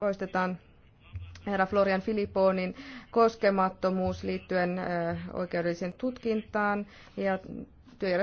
poistetaan herra Florian Filipponin koskemattomuus liittyen oikeudelliseen tutkintaan ja työjärjestyksen